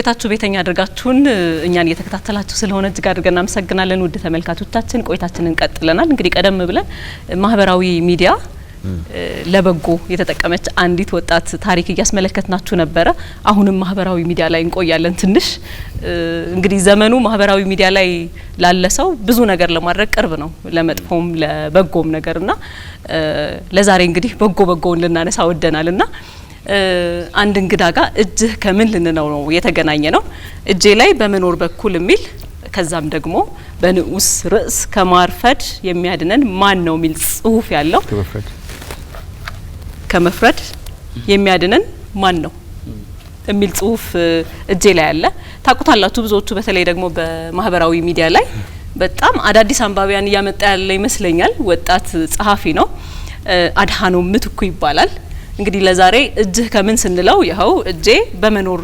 ቤታችሁ ቤተኛ አድርጋችሁን እኛን እየተከታተላችሁ ስለሆነ እጅግ አድርገን እናመሰግናለን። ውድ ተመልካቾቻችን ቆይታችንን ቀጥለናል። እንግዲህ ቀደም ብለን ማህበራዊ ሚዲያ ለበጎ የተጠቀመች አንዲት ወጣት ታሪክ እያስመለከትናችሁ ነበረ። አሁንም ማህበራዊ ሚዲያ ላይ እንቆያለን ትንሽ። እንግዲህ ዘመኑ ማህበራዊ ሚዲያ ላይ ላለ ሰው ብዙ ነገር ለማድረግ ቅርብ ነው፣ ለመጥፎም ለበጎም ነገር እና ለዛሬ እንግዲህ በጎ በጎውን ልናነሳ ወደናል እና አንድ እንግዳ ጋር እጅህ ከምን ልንነው ነው የተገናኘ ነው። እጄ ላይ በመኖር በኩል የሚል ከዛም ደግሞ በንዑስ ርዕስ ከማርፈድ የሚያድነን ማን ነው የሚል ጽሁፍ ያለው ከመፍረድ የሚያድነን ማን ነው የሚል ጽሁፍ እጄ ላይ አለ። ታቁታላችሁ ብዙዎቹ በተለይ ደግሞ በማህበራዊ ሚዲያ ላይ በጣም አዳዲስ አንባቢያን እያመጣ ያለ ይመስለኛል። ወጣት ጸሐፊ ነው። አድሃኖም ምትኩ ይባላል። እንግዲህ ለዛሬ እጅህ ከምን ስንለው ይኸው እጄ በመኖር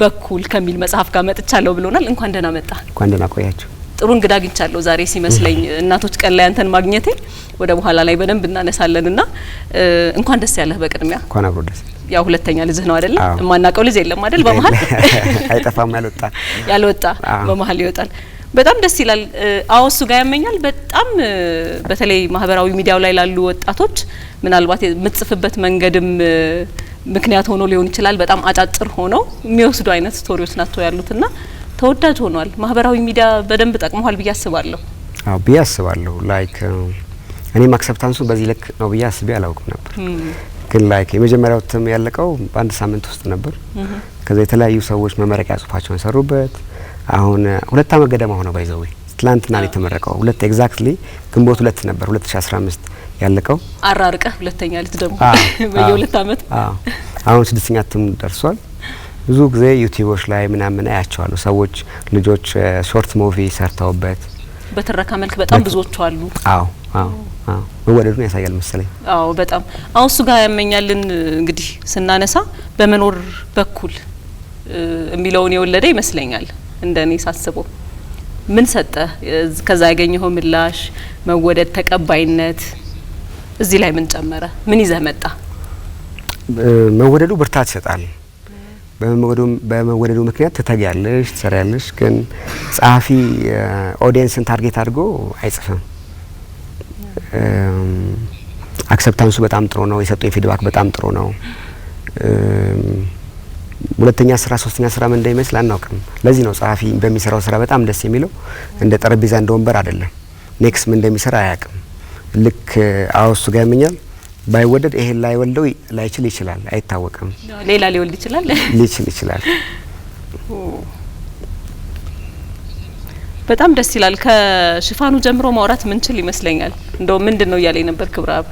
በኩል ከሚል መጽሐፍ ጋር መጥቻለሁ ብሎናል። እንኳን ደህና መጣ። እንኳን ደህና ቆያችሁ። ጥሩ እንግዳ አግኝቻለሁ ዛሬ ሲመስለኝ እናቶች ቀን ላይ አንተን ማግኘቴ ወደ በኋላ ላይ በደንብ እናነሳለንና እንኳን ደስ ያለህ። በቅድሚያ እንኳን አብሮ ደስ ያው ሁለተኛ ልጅህ ነው አይደል? የማናውቀው ልጅ የለም አይደል? በመሀል አይጠፋም፣ ያልወጣ ያልወጣ በመሀል ይወጣል። በጣም ደስ ይላል። አዎ እሱ ጋር ያመኛል በጣም በተለይ ማህበራዊ ሚዲያው ላይ ላሉ ወጣቶች ምናልባት የምትጽፍበት መንገድም ምክንያት ሆኖ ሊሆን ይችላል። በጣም አጫጭር ሆነው የሚወስዱ አይነት ስቶሪዎች ናቸው ያሉትና ተወዳጅ ሆኗል። ማህበራዊ ሚዲያ በደንብ ጠቅመዋል ብዬ አስባለሁ። አዎ ብዬ አስባለሁ። ላይክ እኔም አክሰፕታንሱ በዚህ ልክ ነው ብዬ አስቤ አላውቅም ነበር። ግን ላይክ የመጀመሪያው እትም ያለቀው በአንድ ሳምንት ውስጥ ነበር። ከዛ የተለያዩ ሰዎች መመረቂያ ጽሁፋቸውን የሰሩበት አሁን ሁለት አመት ገደማ ሆነው ባይዘው ትላንትና ነው የተመረቀው። ሁለት ኤግዛክትሊ ግንቦት ሁለት ነበር 2015 ያለቀው። አራርቀ ሁለተኛ ልት ደግሞ በየሁለት አመት አሁን ስድስተኛ ትም ደርሷል። ብዙ ጊዜ ዩቲዩቦች ላይ ምናምን አያቸዋለሁ። ሰዎች ልጆች ሾርት ሙቪ ሰርተውበት በትረካ መልክ በጣም ብዙዎቹ አሉ። አዎ አዎ አዎ መወደዱን ያሳያል መሰለኝ። አዎ በጣም አሁን እሱ ጋር ያመኛልን እንግዲህ ስናነሳ በመኖር በኩል የሚለውን የወለደ ይመስለኛል። እንደኔ ሳስበው ምን ሰጠ? ከዛ ያገኘኸው ምላሽ፣ መወደድ፣ ተቀባይነት እዚህ ላይ ምን ጨመረ? ምን ይዘህ መጣ? መወደዱ ብርታት ይሰጣል። በመወደዱ ምክንያት ትተጊያለሽ፣ ትሰሪያለሽ። ግን ጸሐፊ ኦዲየንስን ታርጌት አድርጎ አይጽፍም። አክሰፕታንሱ በጣም ጥሩ ነው። የሰጡኝ ፊድባክ በጣም ጥሩ ነው። ሁለተኛ ስራ ሶስተኛ ስራ ምን እንደሚመስል አናውቅም። ለዚህ ነው ጸሐፊ በሚሰራው ስራ በጣም ደስ የሚለው እንደ ጠረጴዛ እንደ ወንበር አይደለም። ኔክስት ምን እንደሚሰራ አያውቅም። ልክ አውሱ ጋር ያመኛል ባይወደድ ይሄን ላይወልደው ላይችል ይችላል፣ አይታወቅም። ሌላ ሊወልድ ይችላል፣ ሊችል ይችላል። በጣም ደስ ይላል። ከሽፋኑ ጀምሮ ማውራት ምንችል ይመስለኛል። እንደው ምንድን ነው እያለኝ ነበር ክብረአብ።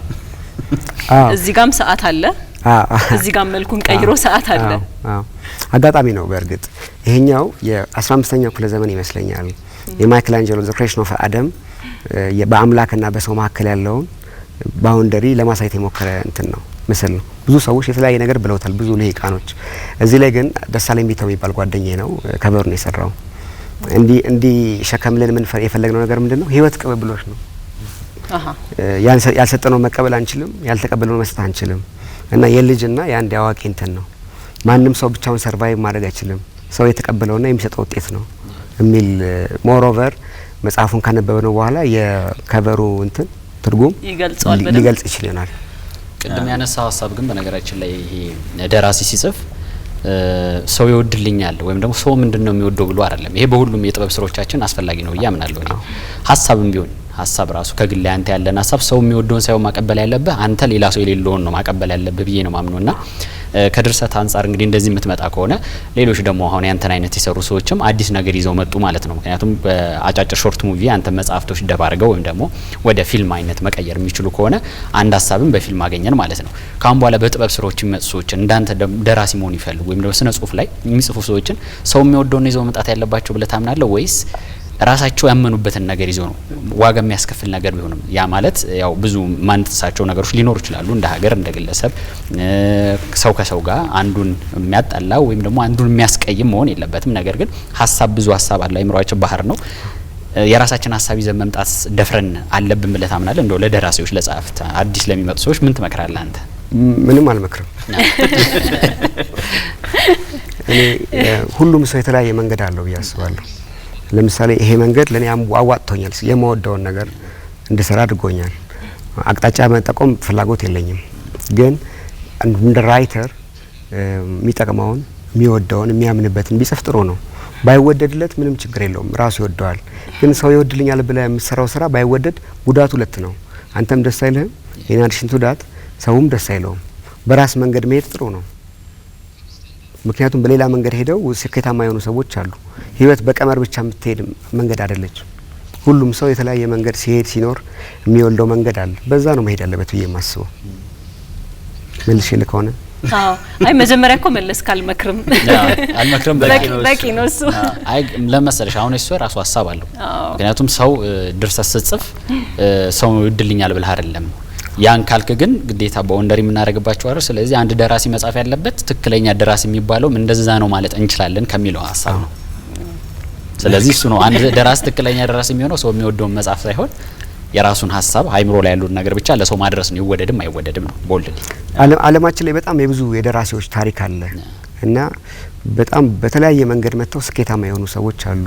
እዚህ ጋም ሰዓት አለ እዚህ ጋር መልኩን ቀይሮ ሰዓት አለ አጋጣሚ ነው። በእርግጥ ይሄኛው የአስራ አምስተኛው ክፍለ ዘመን ይመስለኛል የማይክል አንጀሎ ዘ ክሬሽን ኦፍ አደም በአምላክና በሰው መካከል ያለውን ባውንደሪ ለማሳየት የሞከረ እንትን ነው ምስል ነው። ብዙ ሰዎች የተለያየ ነገር ብለውታል፣ ብዙ ልሂቃኖች። እዚህ ላይ ግን ደሳለኝ ቢተው የሚባል ጓደኛ ነው ከበሩን የሰራው። እንዲህ እንዲህ ሸከምልን ምን የፈለግነው ነገር ምንድን ነው? ህይወት ቅብብሎች ነው። ያልሰጠነው መቀበል አንችልም፣ ያልተቀበልነው መስጠት አንችልም። እና የልጅና የአንድ አዋቂ እንትን ነው። ማንም ሰው ብቻውን ሰርቫይቭ ማድረግ አይችልም። ሰው የተቀበለውና የሚሰጠው ውጤት ነው የሚል ሞሮቨር መጽሐፉን ነው በኋላ የከቨሩ እንትን ትርጉም ሊገልጽ ይችል ይሆናል። ቅድም ያነሳው ሀሳብ ግን በነገራችን ላይ ይሄ ደራሲ ሲጽፍ ሰው ይወድልኛል ወይም ደግሞ ሰው ምንድን ነው የሚወደው ብሎ አይደለም። ይሄ በሁሉም የጥበብ ስራዎቻችን አስፈላጊ ነው ብዬ አምናለሁ። ሀሳብም ቢሆን ሀሳብ ራሱ ከግል አንተ ያለን ሀሳብ ሰው የሚወደውን ሳይሆን ማቀበል ያለብህ አንተ ሌላ ሰው የሌለውን ነው ማቀበል ያለብህ ብዬ ነው ማምነው እና ከድርሰት አንጻር እንግዲህ እንደዚህ የምትመጣ ከሆነ ሌሎች ደግሞ አሁን ያንተን አይነት የሰሩ ሰዎችም አዲስ ነገር ይዘው መጡ ማለት ነው። ምክንያቱም በአጫጭር ሾርት ሙቪ አንተ መጽሀፍቶች ደባርገው ወይም ደግሞ ወደ ፊልም አይነት መቀየር የሚችሉ ከሆነ አንድ ሀሳብን በፊልም አገኘን ማለት ነው። ካሁን በኋላ በጥበብ ስራዎች የሚመጡ ሰዎችን እንዳንተ ደራሲ መሆን ይፈልጉ ወይም ደግሞ ስነ ጽሁፍ ላይ የሚጽፉ ሰዎችን ሰው የሚወደውን ይዘው መምጣት ያለባቸው ብለህ ታምናለህ ወይስ ራሳቸው ያመኑበትን ነገር ይዞ ነው ዋጋ የሚያስከፍል ነገር ቢሆንም ያ ማለት ያው ብዙ ማንጥሳቸው ነገሮች ሊኖሩ ይችላሉ። እንደ ሀገር፣ እንደ ግለሰብ ሰው ከሰው ጋር አንዱን የሚያጣላ ወይም ደግሞ አንዱን የሚያስቀይም መሆን የለበትም። ነገር ግን ሀሳብ ብዙ ሀሳብ አለ። አይምሯቸው ባህር ነው። የራሳችን ሀሳብ ይዘን መምጣት ደፍረን አለብን ብለህ ታምናለህ? እንደው ለደራሲዎች፣ ለጸሐፍት፣ አዲስ ለሚመጡ ሰዎች ምን ትመክራለህ አንተ? ምንም አልመክርም። እኔ ሁሉም ሰው የተለያየ መንገድ አለው ብዬ አስባለሁ። ለምሳሌ ይሄ መንገድ ለእኔ አዋጥቶኛል፣ የመወደውን ነገር እንድሰራ አድርጎኛል። አቅጣጫ መጠቆም ፍላጎት የለኝም፣ ግን እንደ ራይተር የሚጠቅመውን የሚወደውን የሚያምንበትን ቢጽፍ ጥሩ ነው። ባይወደድለት ምንም ችግር የለውም፣ ራሱ ይወደዋል። ግን ሰው ይወድልኛል ብለ የምትሰራው ስራ ባይወደድ ጉዳት ሁለት ነው። አንተም ደስ አይልህም፣ ኢን አዲሽን ሰውም ደስ አይለውም። በራስ መንገድ መሄድ ጥሩ ነው። ምክንያቱም በሌላ መንገድ ሄደው ስኬታማ የሆኑ ሰዎች አሉ። ህይወት በቀመር ብቻ የምትሄድ መንገድ አደለች። ሁሉም ሰው የተለያየ መንገድ ሲሄድ ሲኖር የሚወልደው መንገድ አለ። በዛ ነው መሄድ አለበት ብዬ የማስበው። መልሽ ይል ከሆነ አይ መጀመሪያ እኮ መለስ ካልመክርም አልመክርም በቂ ነው እሱ። አይ ለመሰለሽ አሁን እሱ የራሱ ሀሳብ አለው። ምክንያቱም ሰው ድርሰት ስጽፍ ሰው ይወድልኛል ብለህ አይደለም ያን ካልክ ግን ግዴታ በወንደር የምናደርግባቸው አይደል? ስለዚህ አንድ ደራሲ መጻፍ ያለበት ትክክለኛ ደራሲ የሚባለውም እንደዛ ነው ማለት እንችላለን ከሚለው ሀሳብ ነው። ስለዚህ እሱ ነው አንድ ደራሲ ትክክለኛ ደራሲ የሚሆነው ሰው የሚወደውን መጻፍ ሳይሆን የራሱን ሀሳብ አይምሮ ላይ ያሉት ነገር ብቻ ለሰው ማድረስ ነው። ይወደድም አይወደድም ነው። ቦልድ አለማችን ላይ በጣም የብዙ የደራሲዎች ታሪክ አለ እና በጣም በተለያየ መንገድ መጥተው ስኬታማ የሆኑ ሰዎች አሉ።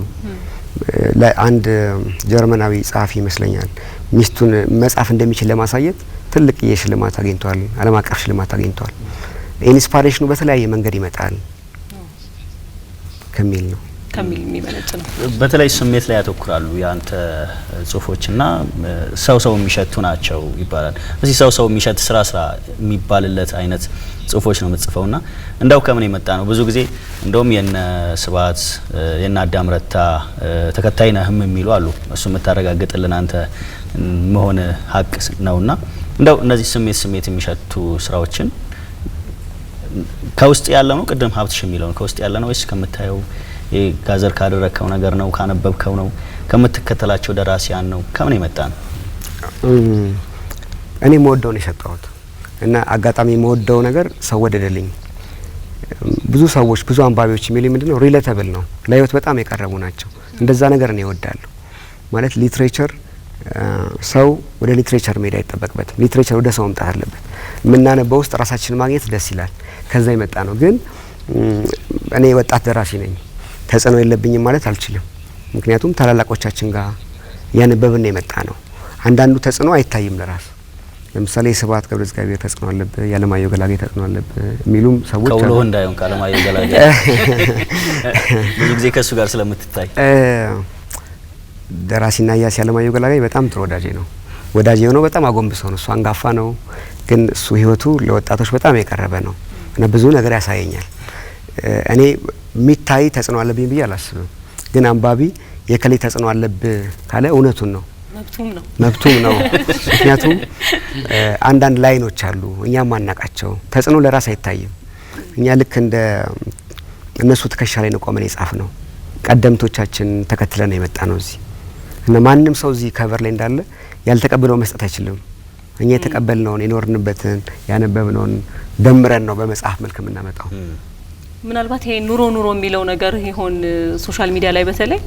አንድ ጀርመናዊ ጸሐፊ ይመስለኛል ሚስቱን መጻፍ እንደሚችል ለማሳየት ትልቅ የሽልማት አግኝቷል። ዓለም አቀፍ ሽልማት አግኝቷል። ኢንስፓሬሽኑ በተለያየ መንገድ ይመጣል ከሚል ነው ከሚል የሚመነጭ ነው። በተለይ ስሜት ላይ ያተኩራሉ የአንተ ጽሁፎችና ሰው ሰው የሚሸቱ ናቸው ይባላል። እዚህ ሰው ሰው የሚሸት ስራ ስራ የሚባልለት አይነት ጽሁፎች ነው የምትጽፈውና እንደው ከምን የመጣ ነው? ብዙ ጊዜ እንደውም የነ ስባት፣ የነ አዳም ረታ ተከታይ ነህም የሚሉ አሉ። እሱ የምታረጋግጥልን አንተ መሆነ ሀቅ ነውና እንደው እነዚህ ስሜት ስሜት የሚሸቱ ስራዎችን ከውስጥ ያለ ነው ቅድም ሀብትሽ የሚለውን ከውስጥ ያለ ነው ወይስ ከምታየው ጋዘር ካደረግከው ነገር ነው ካነበብከው ነው ከምትከተላቸው ደራሲያን ነው ከምን የመጣ ነው? እኔ መወደውን የሰጠሁት እና አጋጣሚ መወደው ነገር ሰው ወደደልኝ። ብዙ ሰዎች ብዙ አንባቢዎች የሚሉኝ ምንድነው ሪለተብል ነው፣ ለህይወት በጣም የቀረቡ ናቸው። እንደዛ ነገር እኔ እወዳለሁ ማለት ሊትሬቸር ሰው ወደ ሊትሬቸር መሄድ አይጠበቅበትም። ሊትሬቸር ወደ ሰው መምጣት አለበት። የምናነበው ውስጥ ራሳችን ማግኘት ደስ ይላል። ከዛ የመጣ ነው። ግን እኔ ወጣት ደራሲ ነኝ ተጽዕኖ የለብኝም ማለት አልችልም። ምክንያቱም ታላላቆቻችን ጋር ያነበብን የመጣ ነው። አንዳንዱ ተጽዕኖ አይታይም ለራሱ ለምሳሌ ስብሐት ገብረ እግዚአብሔር ተጽዕኖ አለብህ፣ የአለማየሁ ገላጌ ተጽዕኖ አለብህ የሚሉም ሰዎች አሉ። እንዳይሆን ከአለማየሁ ብዙ ጊዜ ከእሱ ጋር ስለምትታይ ደራሲና እያስ ያለማየሁ ገላጋይ በጣም ጥሩ ወዳጄ ነው። ወዳጄ የሆነው በጣም አጎንብሶ ነው። እሱ አንጋፋ ነው፣ ግን እሱ ህይወቱ ለወጣቶች በጣም የቀረበ ነው እና ብዙ ነገር ያሳየኛል። እኔ የሚታይ ተጽዕኖ አለብኝ ብዬ አላስብም፣ ግን አንባቢ የከሌ ተጽዕኖ አለብህ ካለ እውነቱን ነው መብቱም ነው። ምክንያቱም አንዳንድ ላይኖች አሉ እኛ ማናቃቸው ተጽዕኖ ለራስ አይታይም። እኛ ልክ እንደ እነሱ ትከሻ ላይ ነው ቆመን የጻፍ ነው። ቀደምቶቻችን ተከትለን የመጣ ነው እዚህ እና ማንም ሰው እዚህ ከቨር ላይ እንዳለ ያልተቀበለው መስጠት አይችልም። እኛ የተቀበልነውን የኖርንበትን ያነበብነውን ደምረን ነው በመጽሐፍ መልክ የምናመጣው። ምናልባት ይሄ ኑሮ ኑሮ የሚለው ነገር ይሆን ሶሻል ሚዲያ ላይ በተለይ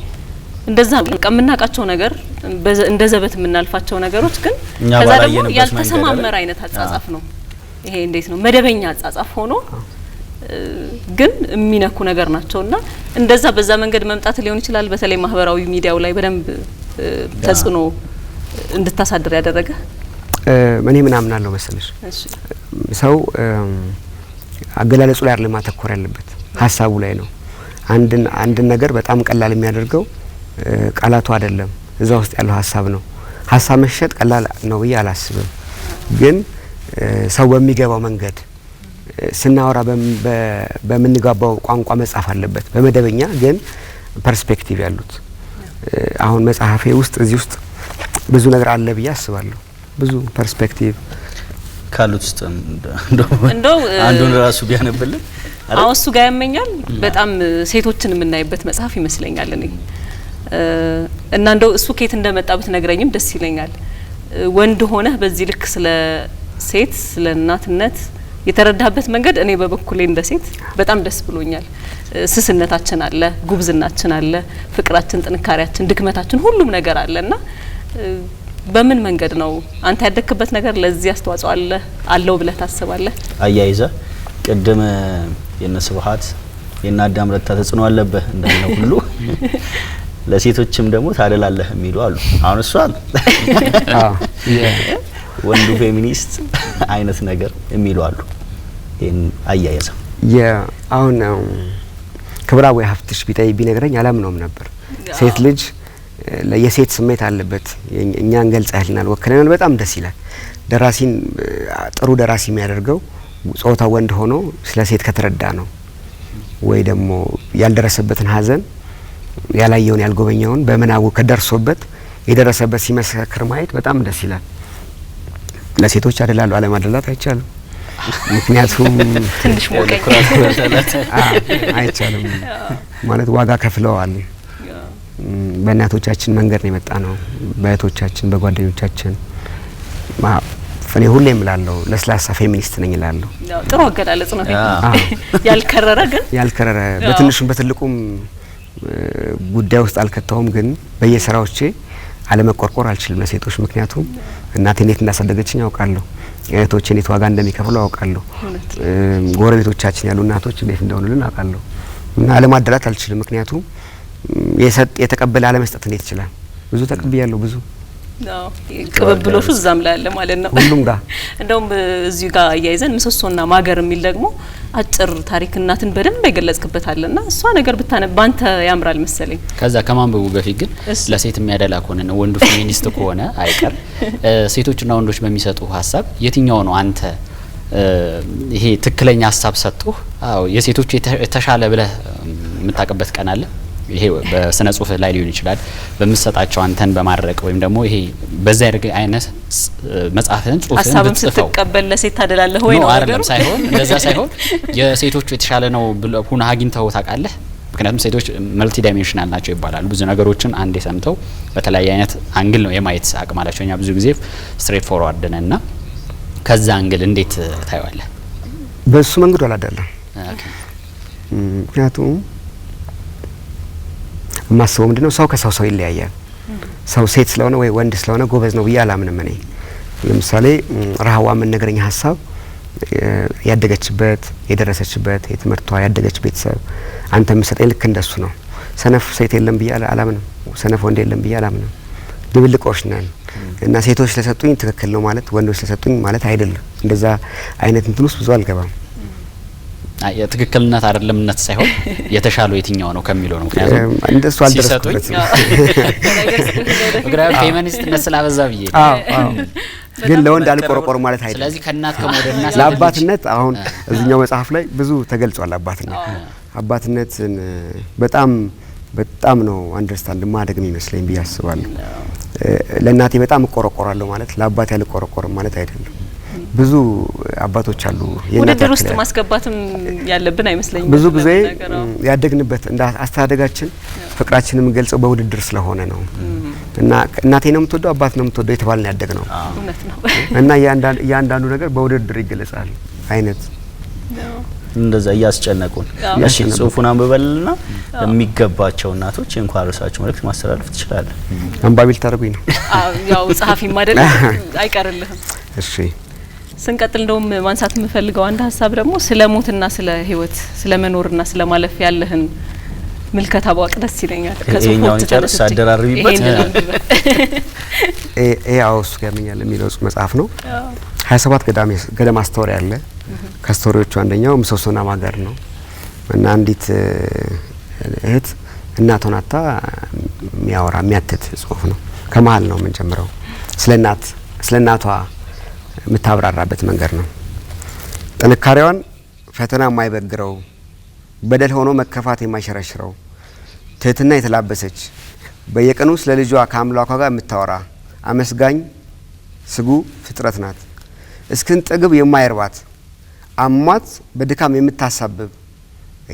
እንደዛ የምናውቃቸው ነገር እንደ ዘበት የምናልፋቸው ነገሮች ግን ከዛ ደግሞ ያልተሰማመረ አይነት አጻጻፍ ነው። ይሄ እንዴት ነው መደበኛ አጻጻፍ ሆኖ ግን የሚነኩ ነገር ናቸውና እንደዛ በዛ መንገድ መምጣት ሊሆን ይችላል። በተለይ ማህበራዊ ሚዲያው ላይ በደንብ ተጽዕኖ እንድታሳድር ያደረገ? እኔ ምን አምናለሁ መሰለሽ፣ ሰው አገላለጹ ላይ አይደለም ማተኮር ያለበት ሀሳቡ ላይ ነው። አንድን አንድን ነገር በጣም ቀላል የሚያደርገው ቃላቱ አይደለም፣ እዛ ውስጥ ያለው ሀሳብ ነው። ሀሳብ መሸጥ ቀላል ነው ብዬ አላስብም። ግን ሰው በሚገባው መንገድ ስናወራ በምንጋባው ቋንቋ መጻፍ አለበት። በመደበኛ ግን ፐርስፔክቲቭ ያሉት አሁን መጽሐፌ ውስጥ እዚህ ውስጥ ብዙ ነገር አለ ብዬ አስባለሁ። ብዙ ፐርስፔክቲቭ ካሉት ውስጥ እንደው አንዱን ራሱ ቢያነብልን አሁን እሱ ጋር ያመኛል። በጣም ሴቶችን የምናይበት መጽሐፍ ይመስለኛል እኔ እና እንደው እሱ ከየት እንደመጣ ብትነግረኝም ደስ ይለኛል። ወንድ ሆነህ በዚህ ልክ ስለ ሴት ስለ እናትነት የተረዳህበት መንገድ እኔ በበኩሌ እንደ ሴት በጣም ደስ ብሎኛል። ስስነታችን አለ፣ ጉብዝናችን አለ፣ ፍቅራችን፣ ጥንካሬያችን፣ ድክመታችን ሁሉም ነገር አለ እና በምን መንገድ ነው አንተ ያደግክበት ነገር ለዚህ አስተዋጽኦ አለ አለው ብለህ ታስባለህ? አያይዘ ቅድም የነ ስብሀት የነ አዳም ረታ ተጽዕኖ አለብህ እንደሚለው ሁሉ ለሴቶችም ደግሞ ታደላለህ የሚሉ አሉ። አሁን እሷ ወንዱ ፌሚኒስት አይነት ነገር የሚሉ አሉ። ይህን አያይዘ አሁን ክብራ ወይ ሀብትሽ ቢጠይ ቢነግረኝ አላምነውም ነበር። ሴት ልጅ የሴት ስሜት አለበት። እኛ እንገልጸህልናል፣ ወክለናል። በጣም ደስ ይላል። ደራሲን ጥሩ ደራሲ የሚያደርገው ጾታ ወንድ ሆኖ ስለ ሴት ከተረዳ ነው። ወይ ደግሞ ያልደረሰበትን ሀዘን ያላየውን ያልጎበኘውን በምናቡ ከደርሶበት የደረሰበት ሲመሰክር ማየት በጣም ደስ ይላል። ለሴቶች አደላለሁ አለማድላት አይቻልም። ምክንያቱም አይቻልም ማለት ዋጋ ከፍለዋል። በእናቶቻችን መንገድ ነው የመጣ ነው፣ በእህቶቻችን፣ በጓደኞቻችን እኔ ሁሌም እላለሁ ለስላሳ ፌሚኒስት ነኝ እላለሁ። ጥሩ አገላለጽ ነው። ያልከረረ ግን ያልከረረ በትንሹም በትልቁም ጉዳይ ውስጥ አልከተውም፣ ግን በየስራዎቼ አለመቆርቆር አልችልም ለሴቶች። ምክንያቱም እናቴ እንዴት እንዳሳደገችኝ ያውቃለሁ። እህቶች እንዴት ዋጋ እንደሚከፍሉ አውቃለሁ። ጎረቤቶቻችን ያሉ እናቶች እንዴት እንደሆኑልን አውቃለሁ። እና አለማደላት አልችልም። ምክንያቱም የሰጥ የተቀበለ አለመስጠት እንዴት ይችላል? ብዙ ተቀብያለሁ ብዙ ቅብብሎሹ እዛም ላይ አለ ማለት ነው። ሁሉም ጋር እንደውም እዚሁ ጋር እያይዘን ምሰሶና ማገር የሚል ደግሞ አጭር ታሪክ እናትን በደንብ ይገለጽክበታል ና እሷ ነገር ብታነብ ባንተ ያምራል መሰለኝ። ከዛ ከማንበቡ በፊት ግን ለሴት የሚያደላ ከሆነ ነው ወንዱ ፌሚኒስት ከሆነ አይቀር ሴቶችና ወንዶች በሚሰጡ ሀሳብ የትኛው ነው አንተ ይሄ ትክክለኛ ሀሳብ ሰጥቶህ የሴቶች የተሻለ ብለህ የምታውቅበት ቀን አለ? ይሄ በስነ ጽሁፍ ላይ ሊሆን ይችላል በምትሰጣቸው አንተን በማድረቅ ወይም ደግሞ ይሄ በዛ ያደርግ አይነት መጽሐፍን ጽሁፍን ብትጽፈው ስትቀበል ለሴት ታደላለህ ወይ ነው አይደለም? ሳይሆን እንደዛ ሳይሆን የሴቶቹ የተሻለ ነው ብለህ ሁነህ አግኝተኸው ታውቃለህ? ምክንያቱም ሴቶች መልቲ ዳይሜንሽናል ናቸው ይባላሉ። ብዙ ነገሮችን አንዴ ሰምተው በተለያየ አይነት አንግል ነው የማየት አቅም አላቸው። እኛ ብዙ ጊዜ ስትሬት ፎርዋርድ ነን እና ከዛ አንግል እንዴት ታየዋለህ? በሱ መንገዱ አላዳለም ምክንያቱም የማስበው ምንድን ነው ሰው ከሰው ሰው ይለያያል። ሰው ሴት ስለሆነ ወይ ወንድ ስለሆነ ጎበዝ ነው ብዬ አላምንም። እኔ ለምሳሌ ረሀዋ የምነገረኝ ሀሳብ ያደገችበት የደረሰችበት የትምህርቷ ያደገች ቤተሰብ አንተ የምሰጠኝ ልክ እንደሱ ነው። ሰነፍ ሴት የለም ብዬ አላምንም። ሰነፍ ወንድ የለም ብዬ አላምንም። ድብልቆች ነን እና ሴቶች ስለሰጡኝ ትክክል ነው ማለት ወንዶች ስለሰጡኝ ማለት አይደለም። እንደዛ አይነት እንትን ውስጥ ብዙ አልገባም። የትክክልነት አይደለምነት ሳይሆን የተሻለው የትኛው ነው ከሚለው ነው። ምክንያቱም እንደሱ አልደረስኩበትም። ምክንያቱም ፌሚኒስትነት ስላበዛ ብዬ ግን ለወንድ አልቆረቆር ማለት አይደለም። ስለዚህ ከእናት ከመውደድና ለአባትነት አሁን እዚኛው መጽሐፍ ላይ ብዙ ተገልጿል። አባትነት አባትነትን በጣም በጣም ነው አንደርስታንድ ማደግ የሚመስለኝ ብዬ አስባለሁ። ለእናቴ በጣም እቆረቆራለሁ ማለት ለአባቴ አልቆረቆርም ማለት አይደለም። ብዙ አባቶች አሉ። ውድድር ውስጥ ማስገባትም ያለብን አይመስለኝም። ብዙ ጊዜ ያደግንበት እንደ አስተዳደጋችን ፍቅራችንም ገልጸው በውድድር ስለሆነ ነው እና እናቴ ነው የምትወደው አባት ነው የምትወደው የተባልን ያደግ ነው እና እያንዳንዱ ነገር በውድድር ይገለጻል አይነት እንደዛ እያስጨነቁን። እሺ ጽሁፉን አንብበልና የሚገባቸው እናቶች እንኳን ርሳቸው መልእክት ማስተላለፍ ትችላለን። አንባቢል ልታደርጉኝ ነው? ያው ጸሐፊም አይደለም አይቀርልህም። እሺ ስንቀጥል እንደውም ማንሳት የምፈልገው አንድ ሀሳብ ደግሞ ስለ ሞትና ስለ ህይወት ስለ መኖርና ስለ ማለፍ ያለህን ምልከታ ባውቅ ደስ ይለኛል። ከጽሁፎች ጨርስ አደራርቢበት ያው እሱ ያመኛል የሚለው መጽሐፍ ነው። ሀያ ሰባት ገደማ ስቶሪ አለ። ከስቶሪዎቹ አንደኛው ምሰሶና ማገር ነው እና አንዲት እህት እናት ሆናታ የሚያወራ የሚያትት ጽሁፍ ነው። ከመሀል ነው የምንጀምረው ስለ እናት ስለ እናቷ የምታብራራበት መንገድ ነው። ጥንካሬዋን ፈተና የማይበግረው በደል ሆኖ መከፋት የማይሸረሽረው ትህትና የተላበሰች በየቀኑ ስለ ልጇ ከአምላኳ ጋር የምታወራ አመስጋኝ ስጉ ፍጥረት ናት። እስክን ጥግብ የማይርባት አሟት በድካም የምታሳብብ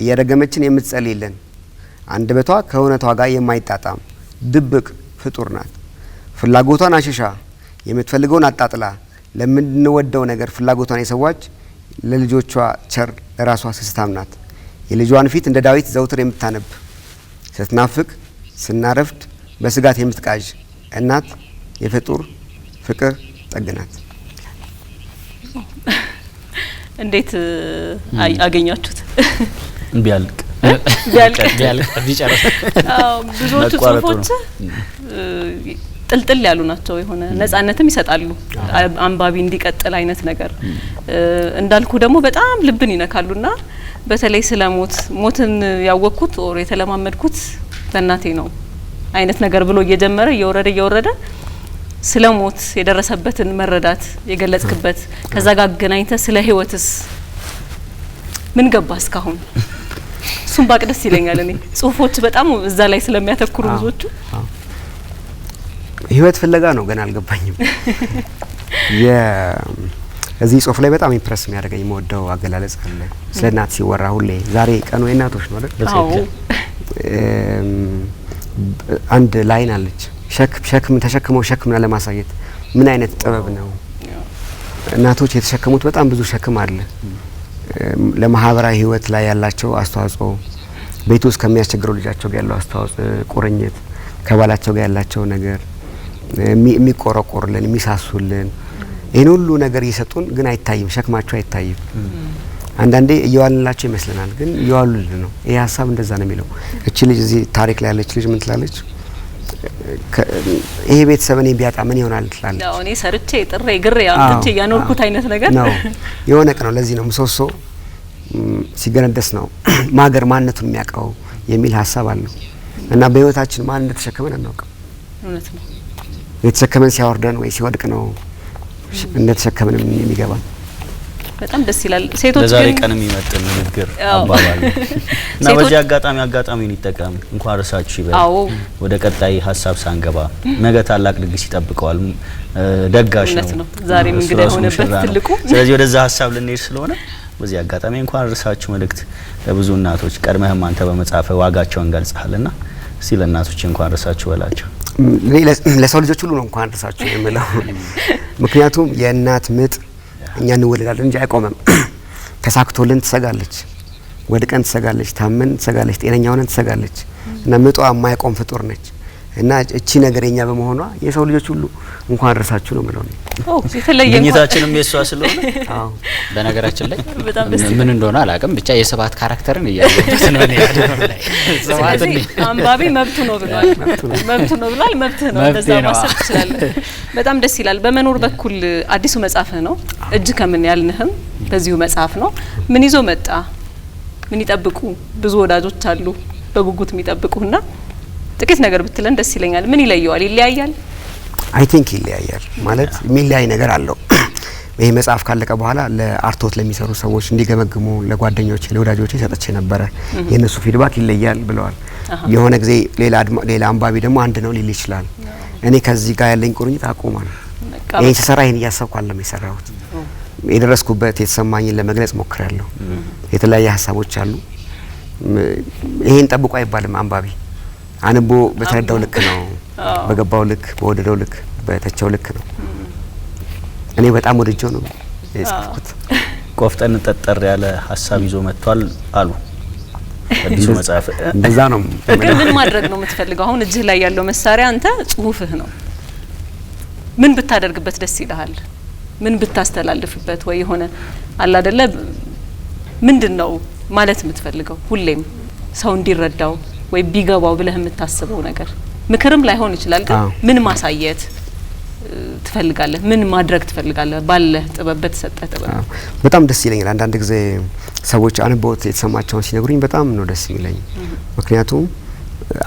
እየረገመችን የምትጸልይልን አንደበቷ ከእውነቷ ጋር የማይጣጣም ድብቅ ፍጡር ናት። ፍላጎቷን አሸሻ የምትፈልገውን አጣጥላ ለምንወደው ነገር ፍላጎቷን የሰዋች ለልጆቿ ቸር ለራሷ ስስታም ናት። የልጇን ፊት እንደ ዳዊት ዘውትር የምታነብ ስትናፍቅ ስናረፍድ በስጋት የምትቃዥ እናት የፍጡር ፍቅር ጥግ ናት። እንዴት አገኛችሁት? ቢያልቅ ቢያልቅ ቢጨረስ ብዙዎቹ ጽሁፎች ጥልጥል ያሉ ናቸው። የሆነ ነጻነትም ይሰጣሉ አንባቢ እንዲቀጥል አይነት ነገር እንዳልኩ ደግሞ በጣም ልብን ይነካሉና በተለይ ስለ ሞት ሞትን ያወቅኩት ኦር የተለማመድኩት በእናቴ ነው አይነት ነገር ብሎ እየጀመረ እየወረደ እየወረደ ስለ ሞት የደረሰበትን መረዳት የገለጽክበት ከዛ ጋር አገናኝተ ስለ ህይወትስ ምን ገባ እስካሁን እሱም ባቅ ደስ ይለኛል። እኔ ጽሁፎች በጣም እዛ ላይ ስለሚያተኩሩ ብዙዎቹ ህይወት ፍለጋ ነው። ገና አልገባኝም። እዚህ ጽሁፍ ላይ በጣም ኢምፕረስ የሚያደርገኝ የምወደው አገላለጽ አለ። ስለ እናት ሲወራ ሁሌ ዛሬ ቀኑ የእናቶች ነው አይደል? አንድ ላይን አለች። ሸክም ተሸክመው ሸክም ለማሳየት ምን አይነት ጥበብ ነው። እናቶች የተሸከሙት በጣም ብዙ ሸክም አለ። ለማህበራዊ ህይወት ላይ ያላቸው አስተዋጽኦ፣ ቤት ውስጥ ከሚያስቸግረው ልጃቸው ጋር ያለው አስተዋጽኦ፣ ቁርኝት፣ ከባላቸው ጋር ያላቸው ነገር የሚቆረቆርልን የሚሳሱልን ይህን ሁሉ ነገር እየሰጡን ግን አይታይም፣ ሸክማቸው አይታይም። አንዳንዴ እየዋልንላቸው ይመስለናል፣ ግን እየዋሉልን ነው። ይህ ሀሳብ እንደዛ ነው የሚለው። እቺ ልጅ እዚህ ታሪክ ላይ ያለች ልጅ ምን ትላለች? ይሄ ቤተሰብ እኔ ቢያጣ ምን ይሆናል ትላለች። እኔ ሰርቼ ጥሬ ግሬ አምጥቼ እያኖርኩት አይነት ነገር ነው የሆነቅ ነው። ለዚህ ነው ምሰሶ ሲገነደስ ነው ማገር ማንነቱን የሚያውቀው የሚል ሀሳብ አለው እና በህይወታችን ማን እንደተሸከመን አናውቅም። እውነት ነው። የተሸከመን ሲያወርደን ወይ ሲወድቅ ነው እንደተሸከምንም የሚገባል። በጣም ደስ ይላል። ሴቶች ለዛሬ ቀን የሚመጥን ንግግር አባባል እና በዚህ አጋጣሚ አጋጣሚውን ይጠቀም እንኳን ርሳችሁ ይበል። ወደ ቀጣይ ሀሳብ ሳንገባ ነገ ታላቅ ድግስ ይጠብቀዋል። ደጋሽ ነው ዛሬም እንግዳ የሆነበት ትልቁ። ስለዚህ ወደዛ ሀሳብ ልንሄድ ስለሆነ በዚህ አጋጣሚ እንኳን ርሳችሁ መልእክት ለብዙ እናቶች ቀድመህም አንተ በመጻፈ ዋጋቸውን ና እስቲ ለእናቶች እንኳን ርሳችሁ በላቸው። ለሰው ልጆች ሁሉ ነው እንኳን አደረሳችሁ የምለው። ምክንያቱም የእናት ምጥ እኛ እንወለዳለን እንጂ አይቆምም። ተሳክቶልን ትሰጋለች፣ ወድቀን ትሰጋለች፣ ታመን ትሰጋለች፣ ጤነኛ ሆነን ትሰጋለች እና ምጧ የማይቆም ፍጡር ነች። እና እቺ ነገረኛ በመሆኗ የሰው ልጆች ሁሉ እንኳን ረሳችሁ ነው ምለው። ግኝታችንም የእሷ ስለሆነ በነገራችን ላይ ምን እንደሆነ አላውቅም፣ ብቻ የሰባት ካራክተርን እያየሁት ነው። አንባቢ መብቱ ነው ብሏል፣ መብቱ ነው ብሏል። መብት ነው፣ እንደዛ ማሰብ ትችላለህ። በጣም ደስ ይላል። በመኖር በኩል አዲሱ መጽሐፍህ ነው እጅ ከምን ያልንህም በዚሁ መጽሐፍ ነው። ምን ይዞ መጣ? ምን ይጠብቁ? ብዙ ወዳጆች አሉ በጉጉት የሚጠብቁና ጥቂት ነገር ብትለን ደስ ይለኛል። ምን ይለየዋል? ይለያያል? አይ ቲንክ ይለያያል። ማለት የሚለያይ ነገር አለው። ይህ መጽሐፍ ካለቀ በኋላ ለአርቶት ለሚሰሩ ሰዎች እንዲገመግሙ ለጓደኞች ለወዳጆች ሰጥቼ ነበረ። የእነሱ ፊድባክ ይለያል ብለዋል። የሆነ ጊዜ ሌላ አንባቢ ደግሞ አንድ ነው ሊል ይችላል። እኔ ከዚህ ጋር ያለኝ ቁርኝት አቁማል። ይህን ስሰራ ይህን እያሰብኩ አለም የሰራሁት የደረስኩበት የተሰማኝን ለመግለጽ ሞክሬያለሁ። የተለያየ ሀሳቦች አሉ። ይህን ጠብቆ አይባልም አንባቢ አንቦ በተረዳው ልክ ነው፣ በገባው ልክ፣ በወደደው ልክ፣ በተቸው ልክ ነው። እኔ በጣም ወድጀው ነው የጻፍኩት። ቆፍጠን ጠጠር ያለ ሀሳብ ይዞ መጥቷል አሉ አዲሱ መጽሐፍ። እንደዛ ነው። ግን ምን ማድረግ ነው የምትፈልገው? አሁን እጅህ ላይ ያለው መሳሪያ አንተ ጽሁፍህ ነው። ምን ብታደርግበት ደስ ይልሃል? ምን ብታስተላልፍበት ወይ የሆነ አላደለ ምንድነው ምንድን ነው ማለት የምትፈልገው? ሁሌም ሰው እንዲረዳው ወይ ቢገባው ብለህ የምታስበው ነገር ምክርም ላይሆን ይችላል። ግን ምን ማሳየት ትፈልጋለህ? ምን ማድረግ ትፈልጋለህ? ባለህ ጥበብ፣ በተሰጠህ ጥበብ። በጣም ደስ ይለኛል። አንዳንድ ጊዜ ሰዎች አንበውት የተሰማቸውን ሲነግሩኝ በጣም ነው ደስ የሚለኝ። ምክንያቱም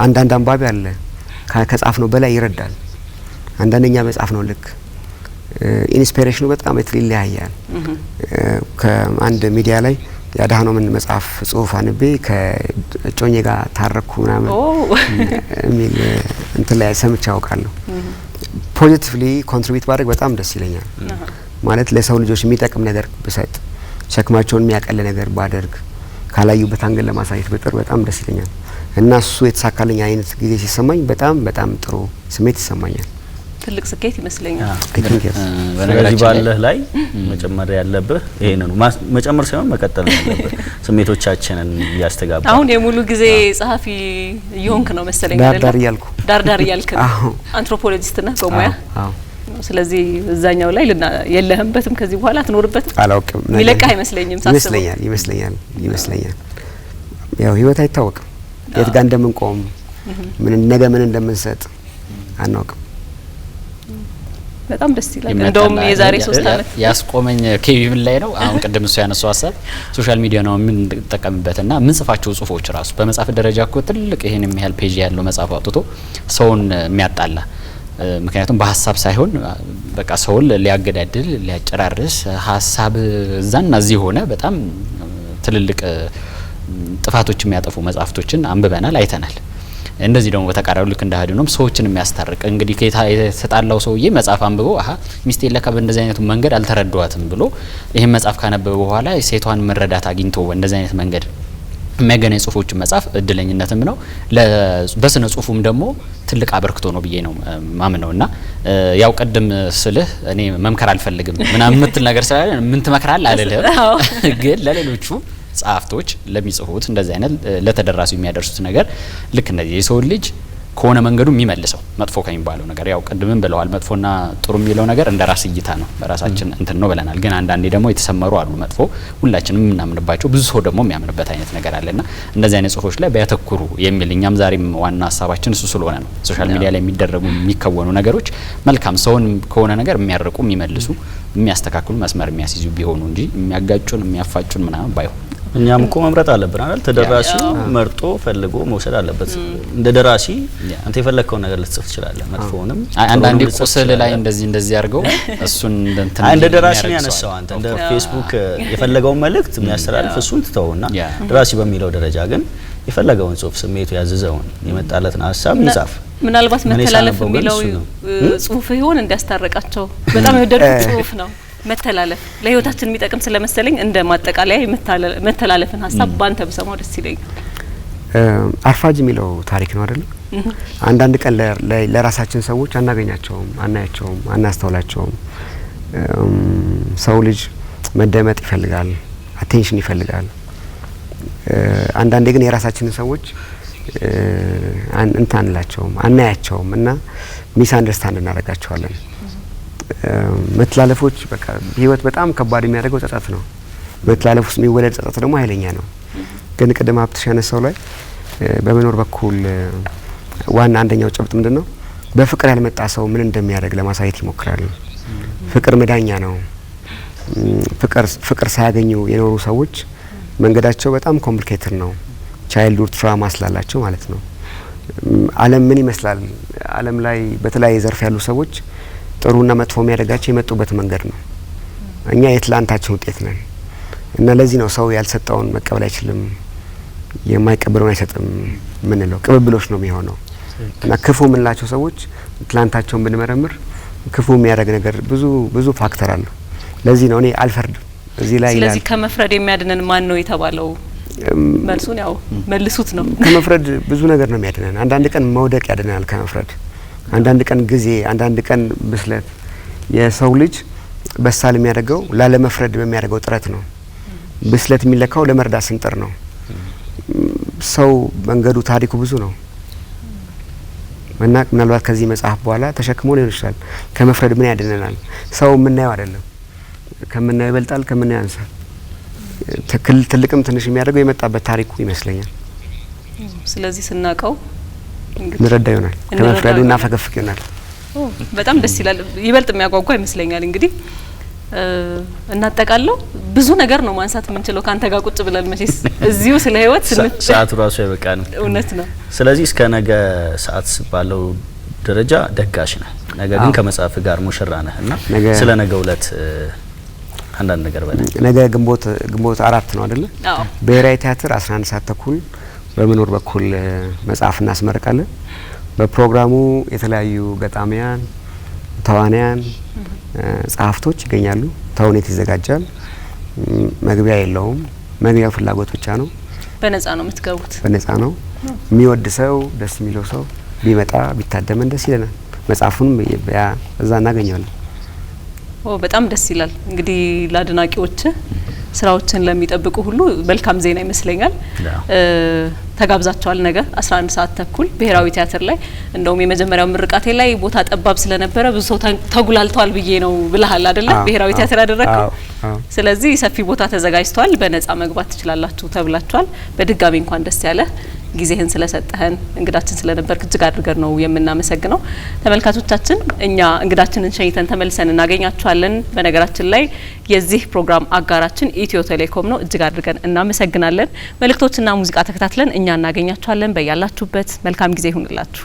አንዳንድ አንባቢ አለ ከጻፍ ነው በላይ ይረዳል። አንዳንደኛ መጻፍ ነው ልክ ኢንስፒሬሽኑ በጣም የትል ይለያያል። ከአንድ ሚዲያ ላይ የአድኃኖምን መጽሐፍ ጽሁፍ አንቤ ከእጮኜ ጋር ታረኩ ምናምን የሚል እንትን ላይ ሰምቼ አውቃለሁ። ፖዚቲቭሊ ኮንትሪቢዩት ባድረግ በጣም ደስ ይለኛል። ማለት ለሰው ልጆች የሚጠቅም ነገር ብሰጥ፣ ሸክማቸውን የሚያቀል ነገር ባደርግ፣ ካላዩበት አንገል ለማሳየት ብጥር በጣም ደስ ይለኛል እና እሱ የተሳካልኝ አይነት ጊዜ ሲሰማኝ በጣም በጣም ጥሩ ስሜት ይሰማኛል። ትልቅ ስኬት ይመስለኛል። በነገራችን ባለህ ላይ መጨመር ያለብህ ይሄን ነው። መጨመር ሳይሆን መቀጠል ያለብህ ስሜቶቻችንን እያስተጋባ አሁን የሙሉ ጊዜ ጸሐፊ እየሆንክ ነው መሰለኝ። ዳርዳር እያልኩ ዳርዳር እያልክ ነው። አንትሮፖሎጂስት ነህ በሙያ ስለዚህ እዛኛው ላይ ልና የለህምበትም ከዚህ በኋላ አትኖርበትም። አላውቅም ሚለቃ አይመስለኝም። ይመስለኛል ይመስለኛል ይመስለኛል። ያው ህይወት አይታወቅም የት ጋር እንደምንቆም ምን ነገ ምን እንደምንሰጥ አናውቅም። በጣም ደስ ይላል። እንደውም የዛሬ ሶስት አመት ያስቆመኝ ኬቢ ላይ ነው አሁን ቅድም እሱ ያነሱ ሀሳብ ሶሻል ሚዲያ ነው የምንጠቀምበት ና የምንጽፋቸው ጽሁፎች ራሱ በመጽሐፍ ደረጃ እኮ ትልቅ ይህን የሚያህል ፔጅ ያለው መጽሐፍ አውጥቶ ሰውን የሚያጣላ ምክንያቱም በሀሳብ ሳይሆን በቃ ሰውን ሊያገዳድል ሊያጨራርስ ሀሳብ እዛና እዚህ ሆነ በጣም ትልልቅ ጥፋቶች የሚያጠፉ መጽሐፍቶችን አንብበናል፣ አይተናል። እንደዚህ ደግሞ በተቃራኒ ልክ እንደ ነው ሰዎችን የሚያስታርቅ እንግዲህ ከታ የተጣላው ሰውዬ መጽሐፍ አንብቦ አሀ ሚስቴ ለካ በእንደዚህ አይነቱ መንገድ አልተረዷትም ብሎ ይህን መጽሐፍ ካነበበ በኋላ ሴቷን መረዳት አግኝቶ እንደዚህ አይነት መንገድ የሚያገናኝ ጽሁፎችን መጻፍ እድለኝነትም ነው። በስነ ጽሁፉም ደግሞ ትልቅ አበርክቶ ነው ብዬ ነው ማምነው እና ያው ቅድም ስልህ እኔ መምከር አልፈልግም ምናምን የምትል ነገር ስላለ ምን ትመክራል አልልህም፣ ግን ለሌሎቹ ጸሐፍቶች ለሚጽፉት እንደዚህ አይነት ለተደራሲው የሚያደርሱት ነገር ልክ እንደዚህ የሰውን ልጅ ከሆነ መንገዱ የሚመልሰው መጥፎ ከሚባለው ነገር ያው ቅድምም ብለዋል። መጥፎና ጥሩ የሚለው ነገር እንደ ራስ እይታ ነው፣ በራሳችን እንትን ነው ብለናል። ግን አንዳንዴ ደግሞ የተሰመሩ አሉ መጥፎ ሁላችንም የምናምንባቸው ብዙ ሰው ደግሞ የሚያምንበት አይነት ነገር አለና እንደዚህ አይነት ጽሁፎች ላይ ቢያተኩሩ የሚል እኛም ዛሬም ዋና ሀሳባችን እሱ ስለሆነ ነው። ሶሻል ሚዲያ ላይ የሚደረጉ የሚከወኑ ነገሮች መልካም ሰውን ከሆነ ነገር የሚያርቁ የሚመልሱ፣ የሚያስተካክሉ መስመር የሚያስይዙ ቢሆኑ እንጂ የሚያጋጩን የሚያፋጩን ምናምን ባይሆን እኛም እኮ መምረጥ አለብን አይደል? ተደራሲው መርጦ ፈልጎ መውሰድ አለበት። እንደ ደራሲ አንተ የፈለግከውን ነገር ልትጽፍ ትችላለህ። መጥፎውንም አንዳንዴ ቁስል ላይ እንደዚህ እንደዚህ አድርገው እሱን እንደንትን እንደ ደራሲ ነው ያነሳው። አንተ እንደ ፌስቡክ የፈለገውን መልእክት የሚያስተላልፍ እሱን ትተውና ደራሲ በሚለው ደረጃ ግን የፈለገውን ጽሁፍ ስሜቱ ያዘዘውን የመጣለትን ሀሳብ ይጻፍ። ምናልባት መተላለፍ የሚለው ጽሁፍ ይሆን እንዲያስታረቃቸው በጣም የወደዱት ጽሁፍ ነው። መተላለፍ ለህይወታችን የሚጠቅም ስለመሰለኝ እንደ ማጠቃለያ መተላለፍን ሀሳብ በአንተ ብሰማው ደስ ይለኛል። አርፋጅ የሚለው ታሪክ ነው አይደለም። አንዳንድ ቀን ለራሳችን ሰዎች አናገኛቸውም፣ አናያቸውም፣ አናስተውላቸውም። ሰው ልጅ መደመጥ ይፈልጋል፣ አቴንሽን ይፈልጋል። አንዳንዴ ግን የራሳችንን ሰዎች እንታንላቸውም፣ አናያቸውም እና ሚስ አንደርስታንድ እናደርጋቸዋለን። መተላለፎች በቃ ህይወት በጣም ከባድ የሚያደርገው ጸጸት ነው። መተላለፍ ውስጥ የሚወለድ ጸጸት ደግሞ ኃይለኛ ነው። ግን ቅድም ሀብትሽ ያነሳው ላይ በመኖር በኩል ዋና አንደኛው ጭብጥ ምንድን ነው? በፍቅር ያልመጣ ሰው ምን እንደሚያደርግ ለማሳየት ይሞክራል። ፍቅር መዳኛ ነው። ፍቅር ሳያገኙ የኖሩ ሰዎች መንገዳቸው በጣም ኮምፕሊኬትድ ነው። ቻይልድሁድ ትራማ ስላላቸው ማለት ነው። ዓለም ምን ይመስላል? ዓለም ላይ በተለያየ ዘርፍ ያሉ ሰዎች ጥሩና መጥፎ የሚያደርጋቸው የመጡበት መንገድ ነው። እኛ የትላንታችን ውጤት ነን እና ለዚህ ነው ሰው ያልሰጠውን መቀበል አይችልም፣ የማይቀበለውን አይሰጥም ምንለው። ቅብብሎች ነው የሚሆነው እና ክፉ የምንላቸው ሰዎች ትላንታቸውን ብንመረምር ክፉ የሚያደርግ ነገር ብዙ ብዙ ፋክተር አለው። ለዚህ ነው እኔ አልፈርድም እዚህ ላይ። ስለዚህ ከመፍረድ የሚያድነን ማን ነው የተባለው? መልሱን ያው መልሱት ነው። ከመፍረድ ብዙ ነገር ነው የሚያድነን። አንዳንድ ቀን መውደቅ ያድነናል ከመፍረድ አንዳንድ ቀን ጊዜ፣ አንዳንድ ቀን ብስለት። የሰው ልጅ በሳል የሚያደርገው ላለመፍረድ በሚያደርገው ጥረት ነው። ብስለት የሚለካው ለመርዳት ስንጥር ነው። ሰው መንገዱ ታሪኩ ብዙ ነው እና ምናልባት ከዚህ መጽሐፍ በኋላ ተሸክሞ ሊሆን ይችላል። ከመፍረድ ምን ያድነናል? ሰው የምናየው አይደለም፣ ከምናየው ይበልጣል፣ ከምናየው ያንሳል። ትልቅም ትንሽ የሚያደርገው የመጣበት ታሪኩ ይመስለኛል። ስለዚህ ስናቀው እንረዳ ይሆናል። ከመፍረዱ እና እናፈገፍግ ይሆናል። በጣም ደስ ይላል። ይበልጥ የሚያጓጓ ይመስለኛል። እንግዲህ እናጠቃለው። ብዙ ነገር ነው ማንሳት የምንችለው ከአንተ ጋር ቁጭ ብለን መቼስ እዚሁ ስለ ህይወት ሰአቱ ራሱ የበቃ ነው። እውነት ነው። ስለዚህ እስከ ነገ ሰአት ባለው ደረጃ ደጋሽ ነህ፣ ነገ ግን ከመጽሐፍ ጋር ሙሽራ ነህ እና ስለ ነገ ውለት አንዳንድ ነገር በላይ ነገ ግንቦት ግንቦት አራት ነው አደለ? ብሔራዊ ቲያትር አስራ አንድ ሰዓት ተኩል በመኖር በኩል መጽሐፍ እናስመርቃለን። በፕሮግራሙ የተለያዩ ገጣሚያን፣ ተዋንያን፣ ጸሐፍቶች ይገኛሉ። ተውኔት ይዘጋጃል። መግቢያ የለውም። መግቢያው ፍላጎት ብቻ ነው። በነጻ ነው የምትገቡት። በነጻ ነው። የሚወድ ሰው ደስ የሚለው ሰው ቢመጣ ቢታደመን ደስ ይለናል። መጽሐፉንም እዛ እናገኘዋለን። በጣም ደስ ይላል። እንግዲህ ለአድናቂዎች ስራዎችን ለሚጠብቁ ሁሉ መልካም ዜና ይመስለኛል። ተጋብዛቸዋል። ነገ 11 ሰዓት ተኩል ብሔራዊ ቲያትር ላይ እንደውም የመጀመሪያው ምርቃቴ ላይ ቦታ ጠባብ ስለነበረ ብዙ ሰው ተጉላልተዋል ብዬ ነው ብለሃል አደለ? ብሔራዊ ቲያትር ያደረግከው። ስለዚህ ሰፊ ቦታ ተዘጋጅቷል። በነጻ መግባት ትችላላችሁ ተብላችኋል። በድጋሚ እንኳን ደስ ያለ ጊዜህን ስለሰጠህን እንግዳችን ስለነበር እጅግ አድርገን ነው የምናመሰግነው። ተመልካቾቻችን እኛ እንግዳችንን ሸኝተን ተመልሰን እናገኛችኋለን። በነገራችን ላይ የዚህ ፕሮግራም አጋራችን ኢትዮ ቴሌኮም ነው። እጅግ አድርገን እናመሰግናለን። መልእክቶችና ሙዚቃ ተከታትለን እኛ እናገኛችኋለን። በያላችሁበት መልካም ጊዜ ይሁንላችሁ።